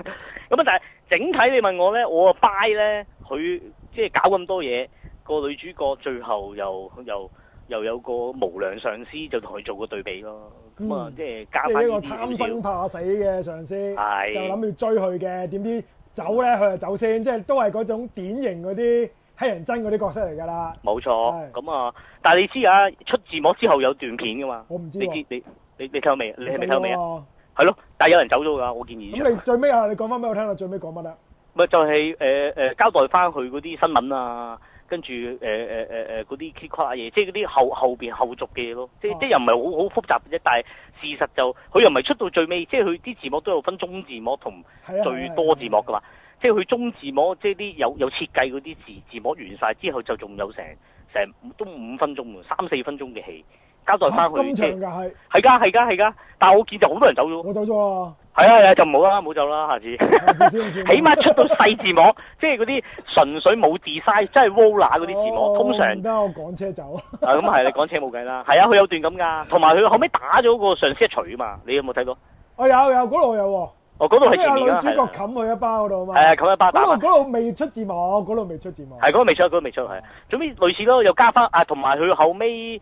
咁啊，但係整體你問我咧，我啊 buy 咧，佢即係搞咁多嘢，個女主角最後又又又有個無良上司就同佢做個對比咯，咁啊、嗯，即係加翻呢啲個貪生怕死嘅上司，嗯、就諗住追佢嘅，點知走咧，佢就走先，即係都係嗰種典型嗰啲黑人憎嗰啲角色嚟噶啦。冇、嗯、錯，咁是啊，但係你知啊，出字幕之後有段片噶嘛？我唔知喎、啊，你你你你睇未？你係咪睇未啊？係咯，但係有人走咗噶我建議。咁你最尾啊，你講翻俾我聽下最尾講乜啊？咪就係誒誒交代翻佢嗰啲新聞啊，跟住誒誒誒誒 kick 夸嘢，即係嗰啲後後邊後續嘅嘢咯。即即又唔係好好複雜嘅啫，但係事實就佢又唔係出到最尾，即係佢啲字幕都有分中字幕同最多字幕噶嘛。即係佢中字幕，即係啲有有設計嗰啲字字幕完晒之後，就仲有成成都五分鐘，三四分鐘嘅戲。交代翻佢，正常㗎係係㗎係㗎係㗎，但係我見就好多人走咗，我走咗，係啊係啊，就唔好啦，唔好走啦，下次，下次先算。起碼出到細字幕，即係嗰啲純粹冇 design 真係 wall 那嗰啲字幕，通常。而家我趕車走。咁係你趕車冇計啦，係啊，佢有段咁㗎，同埋佢後尾打咗個上司一錘啊嘛，你有冇睇到？我有有嗰度有喎。哦，嗰度係前面女主角冚佢一巴嗰度啊，係啊，冚一巴。嗰度嗰度未出字幕，嗰度未出字幕。係嗰個未出，嗰個未出係。總之類似度又加翻啊，同埋佢後尾。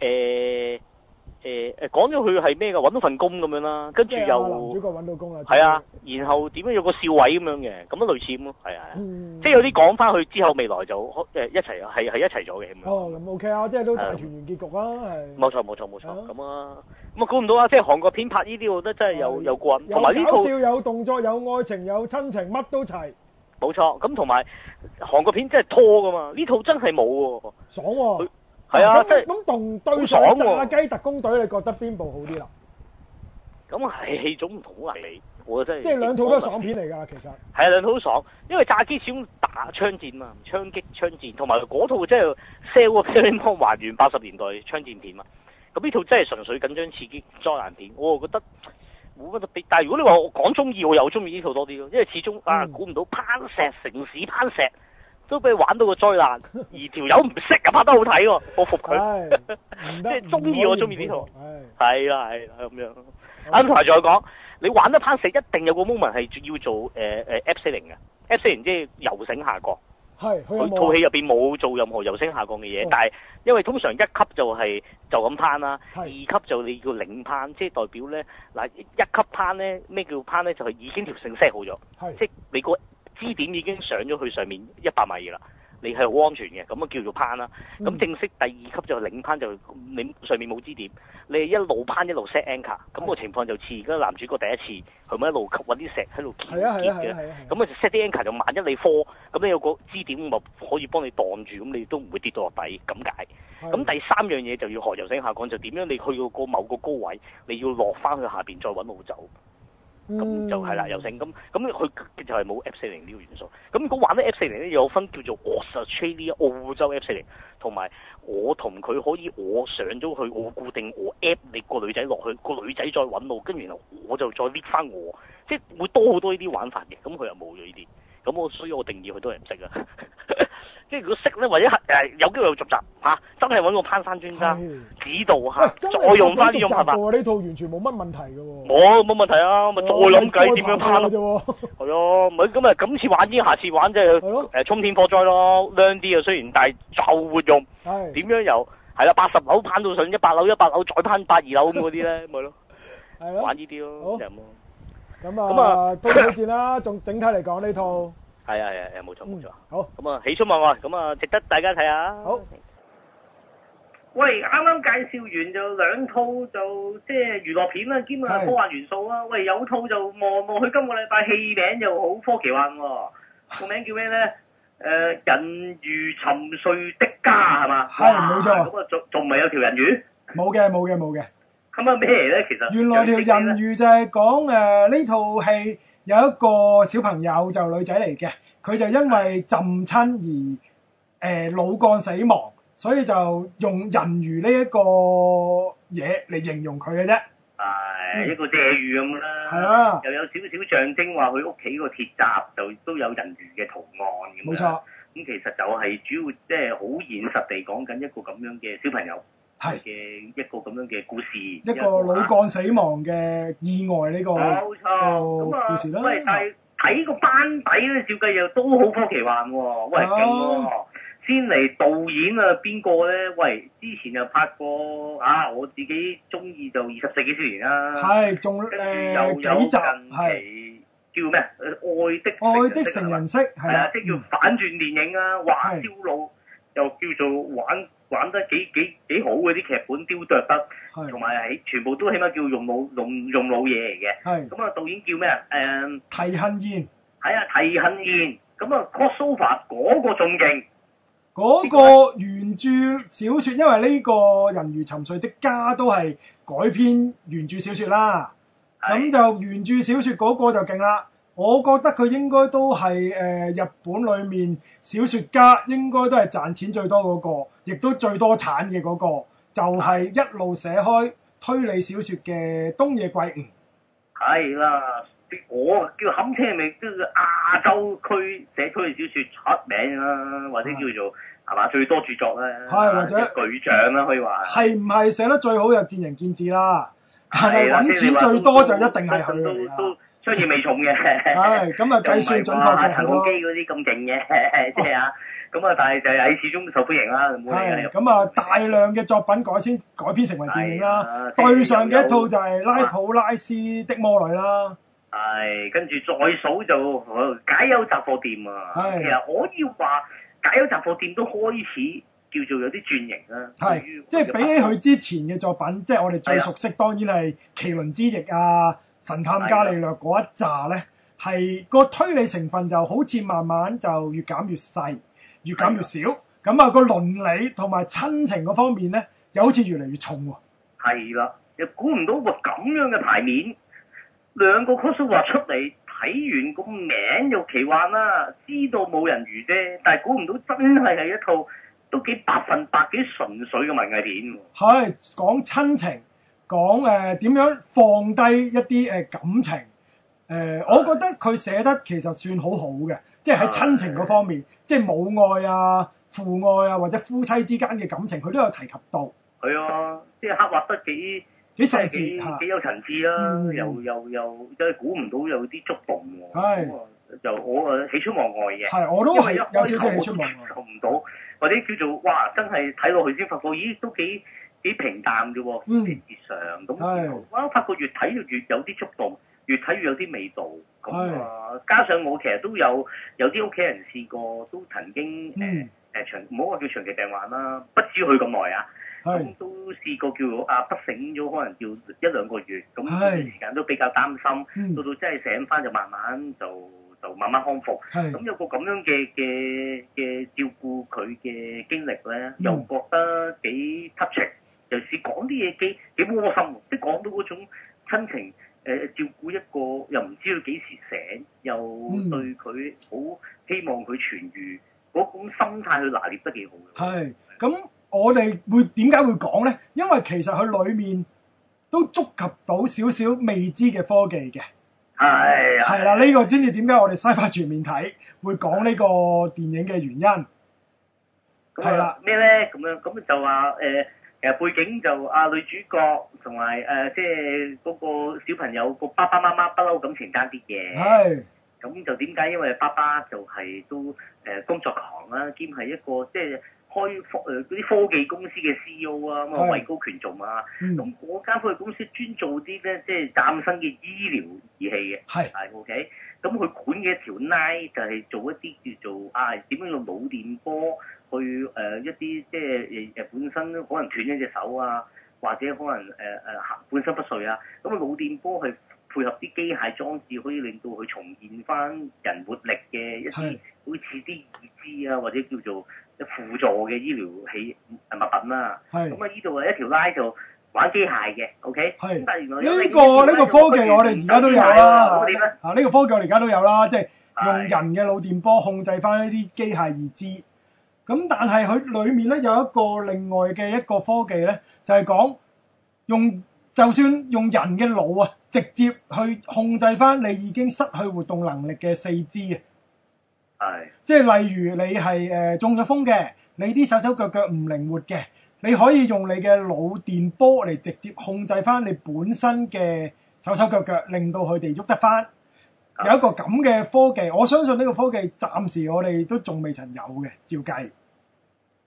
誒誒誒，講咗佢係咩噶？搵、欸、到份工咁樣啦，跟住又、啊、主角搵到工係啊，然後點樣有個笑位咁樣嘅，咁都類似咁咯，係啊，嗯、即係有啲講翻去之後未來就即、呃、一齊，係係一齊咗嘅咁樣。哦，咁 OK 啊，即係都大團圓結局啊，係。冇錯冇錯冇錯，咁啊，咁啊估唔到啊，啊嗯、到即係韓國片拍呢啲，我覺得真係有又過癮，同埋呢套搞笑有動作有愛情有親情乜都齊。冇錯，咁同埋韓國片真係拖噶嘛，呢套真係冇喎。爽、啊。係 t om pa、嗯、啊，即咁咁同《對爽炸雞特工隊》，嗯啊，你覺得邊部好啲啦？咁係種唔同好難比，我覺得即係兩套都係爽片嚟㗎，其實係、啊、兩套都爽，因為炸雞始終打槍戰嘛，槍擊槍戰，同埋嗰套即係 sell 嘅 film 還原八十年代槍戰片啊。咁呢、嗯、套真係純粹緊張刺激災難片，我覺得冇乜特別。但係如果你話我講中意，我又中意呢套多啲咯，因為始終啊，估唔到攀石城市攀石。都俾你玩到個災難，而條友唔識啊，拍得好睇喎、喔，我服佢，哎、 即係中意我中意呢套，係啦係啦咁樣。啱啱台再講，你玩得攀石一定有一個 moment 係要做誒誒 abs 零嘅 a b 零即係柔升下降。係套戲入邊冇做任何柔升下降嘅嘢，Okay. 但係因為通常一級就係就咁攀啦，的二級就你叫領攀，即係代表咧嗱一級攀咧咩叫攀咧就係、是、已經條繩 set 好咗的的，即係你個。支點已經上咗去上面一百米啦，你係好安全嘅，咁啊叫做攀啦。咁、嗯、正式第二級就領攀就你上面冇支點，你係一路攀一路 set anchor，咁、嗯、個情況就似而家男主角第一次，佢咪一路揾啲石喺度結結嘅。咁啊 set anchor 就萬一你 fall 咁你有個支點咪可以幫你擋住，咁你都唔會跌到落底。咁解。咁的第三樣嘢就要學游繩下降，就點樣你去到個某個高位，你要落翻去下邊再揾路走。咁、嗯、就係啦，遊城，咁咁佢就係冇 F 四零呢個元素。咁如果玩咧 F 四零咧，有分叫做 Australia 澳洲 F 四零，同埋我同佢可以我上咗去，我固定我 app 你個女仔落去，個女仔再搵我，跟住然後我就再搣返我，即、就、係、是、會多好多呢啲玩法嘅。咁佢又冇咗呢啲，咁我所以我定義佢都係唔識啊。呵呵即係如果識咧，或者係有機會續集嚇，真係揾個攀山專家指導下，再用翻呢種係嘛？呢套完全冇乜問題嘅喎，冇問題啊，咪再諗計點樣攀咯。係咯，咪咁啊，今次玩啲，下次玩即係誒沖天火災咯，靚啲啊，雖然，但係就活用。係點樣遊？係啦，八十樓攀到上一百樓，一百樓再攀八、二樓咁嗰啲咧，咪咯，玩呢啲咯，就咁咯。咁啊，到推薦啦，仲整體嚟講呢套。係啊係啊係，冇錯冇錯。好，咁啊喜出望外，咁啊值得大家睇下。好。喂，啱啱介紹完就兩套就即係娛樂片啦，兼啊科幻元素啦。喂，有套就望望佢今個禮拜戲名又好科奇幻，個名叫咩咧？誒，人魚沉睡的家係嘛？係，冇錯。咁啊，仲仲咪有條人魚？冇嘅，冇嘅，冇嘅。咁啊咩咧？其實原來條人魚就係講誒呢套戲。有一個小朋友就女仔嚟嘅，佢就因為浸親而誒腦幹死亡，所以就用人魚呢一個嘢嚟形容佢嘅啫。係一個借喻咁啦，係啊，又有少少象徵話佢屋企個鐵閘就都有人魚嘅圖案咁樣。冇錯，咁其實就係主要即係好現實地講緊一個咁樣嘅小朋友，係嘅一個咁樣嘅故事，一個腦幹死亡嘅意外呢個。冇錯。喂，但係睇個班底咧，嗯、照計又都好科奇幻喎、哦。喂，哦、先嚟導演啊，邊個咧？喂，之前又拍過啊，我自己中意就二十世紀少年啦、啊。係，仲誒幾集？係叫咩？愛的愛的成人式係嗎啊，即叫反轉電影啊，還小、嗯、路。又叫做玩玩得幾幾幾好嗰啲劇本雕琢得，同埋喺全部都起碼叫用老用用老嘢嚟嘅。咁啊的，導演叫咩啊？誒、嗯，提興燕？係啊，提興燕。咁啊，cosova 嗰個仲勁。嗰個原著小説，因為呢個《人如沉睡的家都》都係改編原著小説啦。咁就原著小説嗰個就勁啦。我覺得佢應該都係誒、呃、日本裏面小説家，應該都係賺錢最多嗰、那個，亦都最多產嘅嗰、那個，就係、是、一路寫開推理小説嘅東野圭吾。係啦，我叫冚聽咪都亞洲區寫推理小説出名啦，或者叫做係嘛的最多著作啦、啊，的或者巨匠啦可以話。係唔係寫得最好就是、見仁見智啦，但係揾錢最多就一定係佢啦。雖然未重嘅，又唔係哇，騰訊機嗰啲咁勁嘅，即係啊，咁啊，但係就係始終受歡迎啦，唔好理啦。咁啊，大量嘅作品改先改編成為電影啦。對上嘅一套就係拉普拉斯的魔女啦。係，跟住再數就解憂雜貨店啊。係。其實可以話解憂雜貨店都開始叫做有啲轉型啦。係。即係比起佢之前嘅作品，即係我哋最熟悉，當然係《麒麟之翼》啊。神探伽利略嗰一集咧，係個的推理成分就好似慢慢就越減越細，越減越少。咁啊的，個倫理同埋親情嗰方面咧、啊，又好似越嚟越重喎。係啦，又估唔到個咁樣嘅牌面，兩個 concept 畫出嚟，睇完個名又奇幻啦，知道冇人魚啫，但係估唔到真係係一套都幾百分百幾純粹嘅文藝片。係講親情。講誒點樣放低一啲誒感情誒，呃啊、我覺得佢寫得其實算好好嘅，啊、即係喺親情嗰方面，啊、即係母愛啊、父愛啊或者夫妻之間嘅感情，佢都有提及到。係啊，即係刻畫得幾幾細緻，幾，幾有層次啦、啊嗯，又又又真係估唔到有啲觸動喎、啊。係、嗯，就好，誒喜出望外嘅。係，我都係有少少喜出望，外，同唔到，或者叫做哇，真係睇落去先發覺，咦，都幾～幾平淡嘅喎，正常咁。我發覺越睇越有啲觸動，越睇越有啲味道咁啊。加上我其實都有有啲屋企人試過，都曾經誒誒長唔好話叫長期病患啦，不止去咁耐啊。咁都試過叫啊不醒咗，可能要一兩個月咁，嗰段時間都比較擔心。到到真係醒返就慢慢就就慢慢康復。咁有個咁樣嘅嘅嘅照顧佢嘅經歷咧，又覺得幾 touching 尤其是講啲嘢幾幾窩心，即係講到嗰種親情，誒照顧一個又唔知佢幾時醒，又對佢好、嗯、希望佢痊愈嗰種心態去拿捏得幾好嘅。係，咁我哋會點解會講咧？因為其實佢裏面都觸及到少少未知嘅科技嘅。係、哎呀。係啦、嗯，呢、呢個先至點解我哋 Sci-Fi 全面睇會講呢個電影嘅原因。係啦、嗯，咩咧、嗯？咁樣咁就話誒。呃呃誒背景就啊女主角同埋誒即係嗰個小朋友個爸爸媽媽不嬲感情淡啲嘅，係咁是就點解？因為爸爸就係都誒、呃、工作狂啦、啊，兼係一個即係、就是、開科誒啲、呃、科技公司嘅 C E O 啊，咁啊位高權重啊，咁嗰間科技公司專做啲咧即係嶄新嘅醫療儀器嘅，係係是 OK，咁佢管嘅條 line 就係做一啲叫做啊點樣嘅腦電波。去誒、呃、一啲即係誒誒本身可能斷咗隻手啊，或者可能誒誒半身不遂啊，咁啊腦電波去配合啲機械裝置，可以令到佢重現翻人活力嘅一啲好似啲義肢啊，或者叫做輔助嘅醫療器物品啦。係。咁啊，呢度啊一條拉就玩機械嘅，OK？係是。呢、這個呢、這個科技我哋而家都有啦。嚇！呢個科技我哋而家都有啦、啊，即係用人嘅腦電波控制翻呢啲機械義肢。咁但係佢裡面咧有一個另外嘅一個科技呢，就係、是、講用就算用人嘅腦啊，直接去控制翻你已經失去活動能力嘅四肢啊。哎、即係例如你係誒、呃、中咗風嘅，你啲手手腳腳唔靈活嘅，你可以用你嘅腦電波嚟直接控制翻你本身嘅手手腳腳，令到佢哋喐得翻。哎、有一個咁嘅科技，我相信呢個科技暫時我哋都仲未曾有嘅，照計。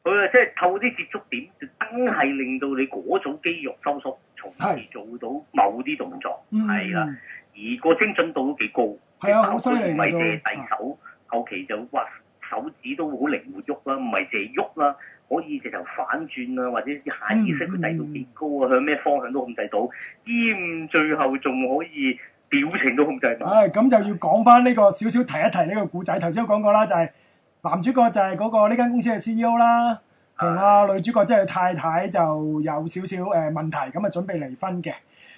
佢啊，即係透過啲接觸點，真係令到你嗰種肌肉收縮，從而做到某啲動作，係啦的、嗯。而個精準度都幾高，係啊的，好犀利。唔係借低手，後期就話手指都好靈活喐啦，唔係借喐啦，可以直頭反轉啊，或者下意識佢低到幾高啊，向咩方向都控制到。兼最後仲可以表情都控制到。唉，咁就要講翻呢、這個少少提一提呢個古仔。頭先我講過啦，就係、是。男主角就係嗰、嗰個呢間公司嘅 C.E.O. 啦，同啊女主角即係太太就有少少誒問題，咁啊準備離婚嘅。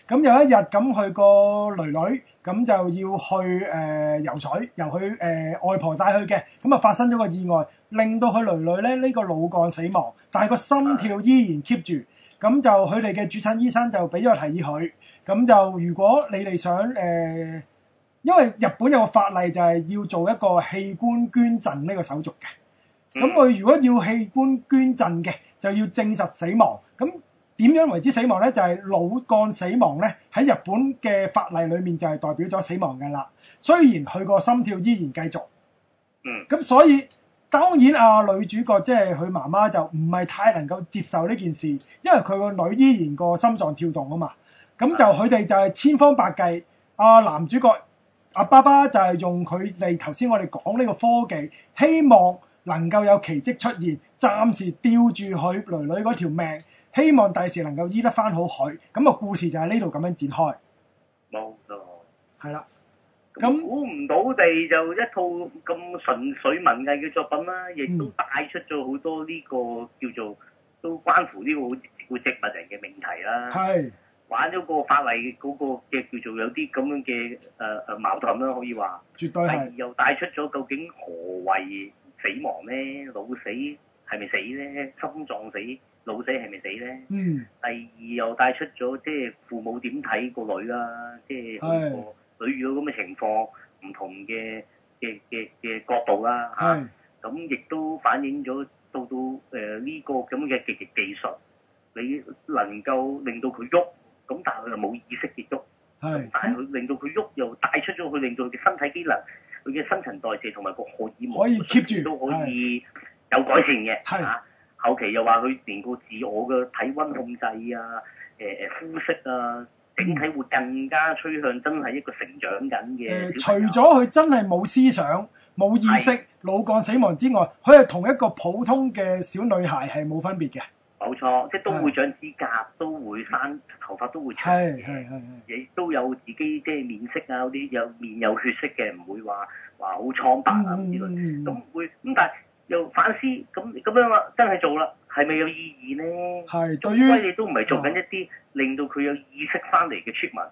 咁有一日咁，佢個女女，咁就要去誒、呃、游水，由佢誒、呃、外婆帶去嘅。咁啊發生咗個意外，令到佢女女咧呢、這個腦幹死亡，但係個心跳依然 keep 住。咁就佢哋嘅主診醫生就俾咗提議佢，咁就如果你哋想誒。呃因為日本有個法例就係要做一個器官捐贈呢個手續嘅，咁佢如果要器官捐贈嘅，就要證實死亡。咁點樣為之死亡呢？就係、是、腦幹死亡呢喺日本嘅法例裡面就係代表咗死亡㗎喇。雖然佢個心跳依然繼續，咁、嗯、所以當然啊女主角即係佢媽媽就唔係太能夠接受呢件事，因為佢個女依然個心臟跳動啊嘛。咁就佢哋就係千方百計，啊男主角。阿爸爸就係用佢哋頭先我哋講呢個科技，希望能夠有奇迹出現，暫時吊住佢女女嗰條命，希望第時能夠醫得翻好佢。咁個故事就喺呢度咁樣展開。冇錯。係啦。咁估唔到地就一套咁純粹文藝嘅作品啦，亦都帶出咗好多呢個叫做都關乎呢個植物人嘅命題啦。係。玩咗個法例嗰、那個嘅叫做有啲咁樣嘅誒誒矛盾啦，可以話，絕對係又帶出咗究竟何為死亡咧？腦死係咪死咧？心臟死腦死係咪死咧？嗯。第二又帶出咗即係父母點睇個女啦、啊，嗯、即係個女遇到咁嘅情況，唔是同嘅嘅嘅嘅角度啦、啊、嚇。咁亦是都反映咗到到誒呢個咁嘅極極技術，你能夠令到佢喐。咁但係佢又冇意識喐，是但係佢令到佢喐又帶出咗佢，令到佢嘅身體機能、佢嘅新陳代謝同埋個荷爾蒙可以 keep 住， 是都可以有改善嘅。係是啊，後期又話佢連個自我嘅體温控制啊、誒誒膚色啊，整體會更加趨向真係一個成長緊嘅、呃。除咗佢真係冇思想、冇意識、是腦幹死亡之外，佢係同一個普通嘅小女孩係冇分別嘅。冇錯，即係都會長指甲，都會生頭髮，都會長嘢，亦都，都有自己即係面色啊嗰啲有面有血色嘅，唔會話話好蒼白啊咁之類。咁、嗯、會咁，但係又反思，咁咁樣啊，樣真係做啦，係咪有意義咧？係，最衰你都唔係做緊一啲令到佢有意識翻嚟嘅出文，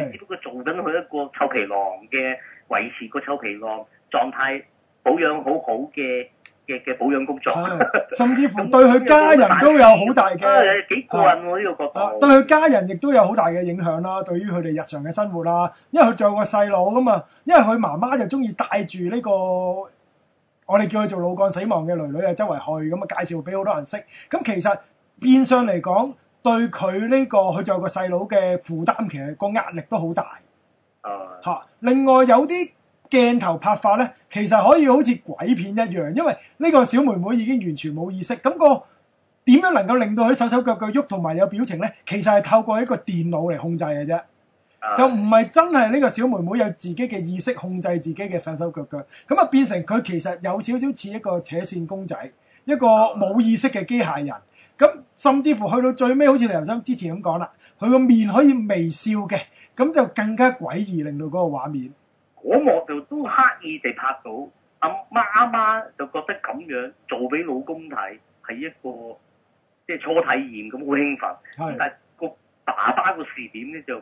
是是你只不過做緊佢一個臭皮囊嘅維持個臭皮囊狀態，保養好好嘅。嘅嘅保養工作， 甚至乎對佢家人都有好大嘅，啊幾過癮喎呢個角度，啊、對佢家人亦都有好大嘅影響啦、啊。對於佢哋日常嘅生活啦、啊，因為佢仲有個細佬噶嘛，因為佢媽媽就中意帶住呢個，我哋叫佢做腦幹死亡嘅囡囡啊周圍去咁啊介紹俾好多人識。咁其實變相嚟講，對佢呢、這個佢仲有個細佬嘅負擔，其實個壓力都好大。啊，啊，另外有啲。鏡頭拍法呢，其實可以好似鬼片一樣，因為呢個小妹妹已經完全冇意識。咁個點樣能夠令到佢手手腳腳喐同埋有表情呢？其實係透過一個電腦嚟控制嘅啫，就唔係真係呢個小妹妹有自己嘅意識控制自己嘅手手腳腳。咁啊變成佢其實有少少似一個扯線公仔，一個冇意識嘅機械人。咁甚至乎去到最尾，好似梁生之前咁講啦，佢個面可以微笑嘅，咁就更加詭異，令到嗰個畫面。我幕，就都刻意地拍到阿、啊、媽媽就覺得咁樣做俾老公睇係一個即係初體驗咁好興奮，是但係個爸爸個視點咧就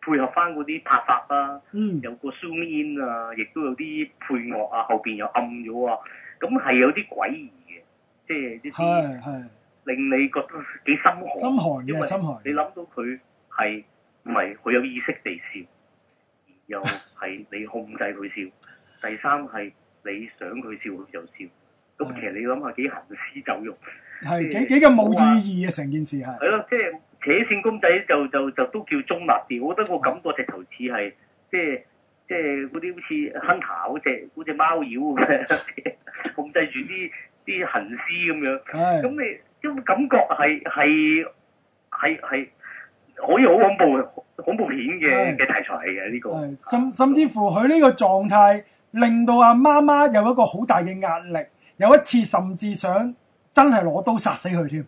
配合翻嗰啲拍法啦、啊，嗯、有個 zoom in 啊，亦都有啲配樂啊，後邊又暗咗啊，咁係有啲詭異嘅，即係一啲令你覺得幾心寒，心寒因為心寒，你諗到佢係唔係好有意識地笑？ 又係你控制佢笑，第三係你想佢笑佢就笑，咁的其實你諗下的、就是、幾行屍走肉，係幾幾咁冇意義啊成件事係。係咯說，即係扯線公仔就就就，就都叫中立啲，我覺得個感覺、就是、的直頭似係即係即係嗰啲好似 hunter 嗰隻嗰隻貓妖咁樣 控制住啲啲行屍咁樣，咁的你咁感覺係係係係。可以好恐怖，恐怖片嘅嘅題材嚟嘅呢個，甚甚至乎佢呢個狀態，令到阿媽媽有一個好大嘅壓力，有一次甚至想真係攞刀殺死佢添。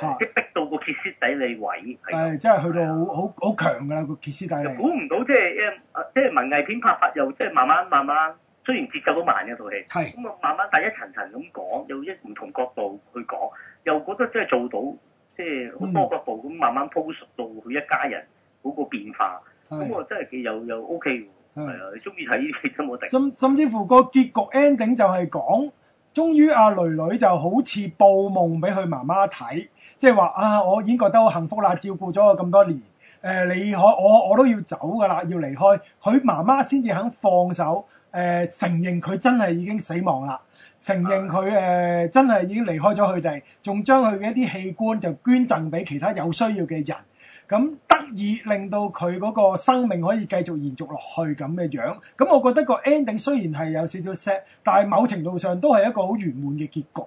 誒，即逼到個歇斯底里位。係真係去到好好好強㗎啦個歇斯底里。估唔到即係誒，即係文藝片拍法又即係慢慢慢慢，雖然節奏都慢嘅套戲，係咁啊慢慢但係一層層咁講，又一唔同角度去講，又覺得真係做到。即係好多個步咁慢慢鋪熟到佢一家人嗰個變化，咁是我真係幾有，又 OK 喎，係啊是，你中意睇咁我提。甚甚至乎個結局 ending 就係講，終於阿囡囡就好似報夢俾佢媽媽睇，即係話啊，我已經覺得好幸福啦，照顧咗我咁多年，誒、呃、你可我我都要走㗎啦，要離開，佢媽媽先至肯放手。誒、呃、承認佢真係已經死亡啦，承認佢誒、呃、真係已經離開咗佢哋，仲將佢嘅一啲器官就捐贈俾其他有需要嘅人，咁、嗯、得以令到佢嗰個生命可以繼續延續落去咁嘅樣。咁、嗯嗯、我覺得個 ending 雖然係有少少 sad，但係某程度上都係一個好圓滿嘅結局。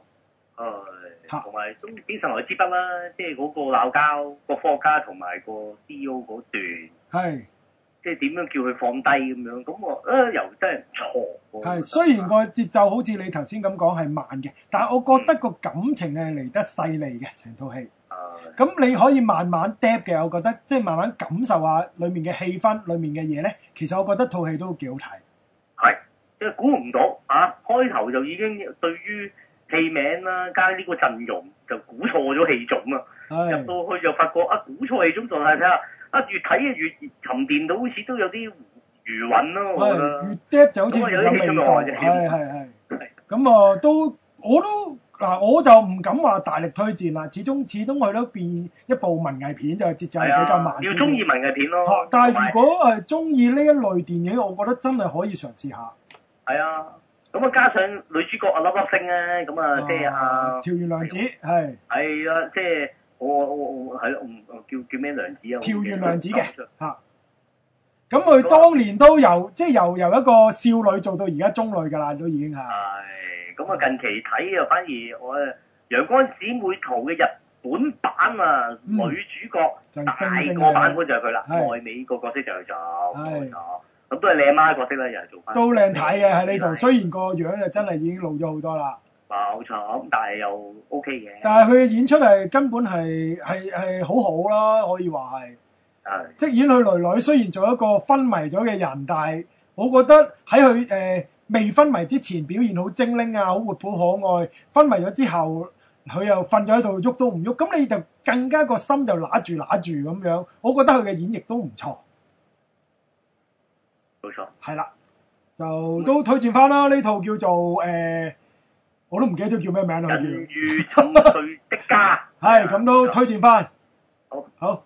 嚇、哎，同埋都幾神來之筆啦，即係嗰個鬧交、那個科學家同埋個 CEO 嗰段。係、哎。即係點樣叫佢放低咁樣？咁我啊又、哎、真係唔錯喎。係，雖然個節奏好似你頭先咁講係慢嘅，但係我覺得個感情係嚟得細膩嘅成套戲。啊。咁、嗯、你可以慢慢 d 嘅，我覺得即係慢慢感受下裡面嘅氣氛、裡面嘅嘢咧。其實我覺得套戲都幾好睇。係，即係估唔到啊！開頭就已經對於戲名啦，加呢個陣容就估錯咗戲種啊！是入到去就發覺啊，估錯戲種仲係睇下。啊，越睇啊越沉澱到，好似都有啲餘韻咯、啊，我覺得，越 deep 就好似越有，有味道。係係係。咁啊，都我都嗱、啊，我就唔敢話大力推薦啦。始終始終佢都變一部文藝片，就節奏係比較慢。要中意文藝片咯。啊、但係如果誒中意呢一類電影，我覺得真係可以嘗試下。係啊，咁、嗯、啊，加上女主角呃呃呃呃啊，粒粒星咧，咁啊，即係啊，篠原涼子係。係啊，即係。我我我係咯，叫叫咩娘子啊？跳完娘子嘅吓，咁佢、啊、當年都由即係由由一個少女做到而家中女噶啦，都已經吓。係、哎，咁啊近期睇啊反而我陽光姊妹淘嘅日本版啊、嗯、女主角就，正正正大個版本就係佢啦，愛美個角色就佢做，咁都係你阿媽嘅角色啦，又係做都靚睇嘅喺呢度，雖然個樣啊，真係已經老咗好多啦。嗯冇錯，咁但係又 OK 嘅。但係佢嘅演出係根本係係係好好咯，可以話係。係。飾演佢囡囡，雖然做一個昏迷咗嘅人，但係我覺得喺佢誒未昏迷之前表現好精靈啊，好活潑可愛。昏迷咗之後，佢又瞓咗喺度喐都唔喐，咁你就更加個心就揦住揦住咁樣。我覺得佢嘅演繹都唔錯。冇錯。係啦，就都推薦翻啦，呢、嗯、套叫做誒。呃我都唔記得咗叫咩名啦，叫《人魚沉睡的家 》。係，咁都推薦翻。好。好